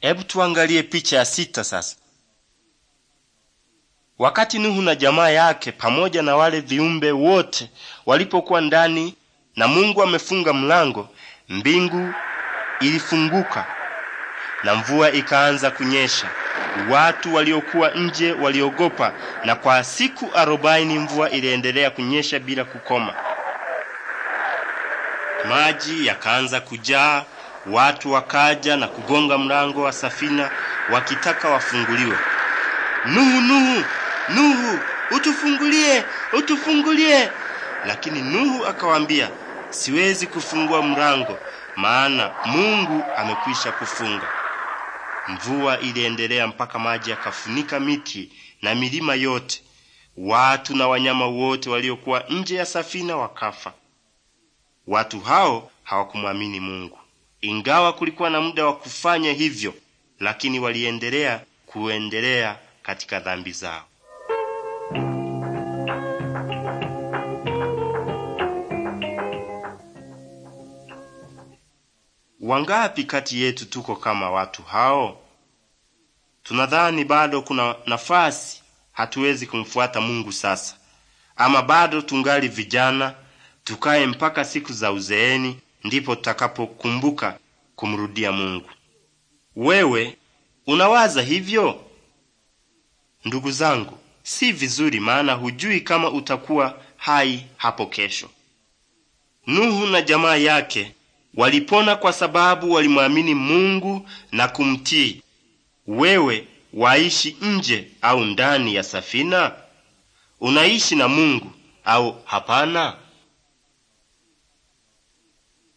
Hebu tuangalie picha ya sita sasa. Wakati Nuhu na jamaa yake pamoja na wale viumbe wote walipokuwa ndani na Mungu amefunga mlango, mbingu ilifunguka na mvua ikaanza kunyesha. Watu waliokuwa nje waliogopa, na kwa siku arobaini mvua iliendelea kunyesha bila kukoma. Maji yakaanza kujaa Watu wakaja na kugonga mlango wa safina wakitaka wafunguliwe. Nuhu, Nuhu, Nuhu, utufungulie, utufungulie! Lakini Nuhu akawaambia, siwezi kufungua mlango, maana Mungu amekwisha kufunga. Mvua iliendelea mpaka maji yakafunika miti na milima yote. Watu na wanyama wote waliokuwa nje ya safina wakafa. Watu hao hawakumwamini Mungu. Ingawa kulikuwa na muda wa kufanya hivyo, lakini waliendelea kuendelea katika dhambi zao. Wangapi kati yetu tuko kama watu hao? Tunadhani bado kuna nafasi, hatuwezi kumfuata Mungu sasa, ama bado tungali vijana, tukae mpaka siku za uzeeni ndipo tutakapokumbuka kumrudia Mungu. Wewe unawaza hivyo? Ndugu zangu, si vizuri, maana hujui kama utakuwa hai hapo kesho. Nuhu na jamaa yake walipona kwa sababu walimwamini Mungu na kumtii. Wewe waishi nje au ndani ya safina? Unaishi na Mungu au hapana?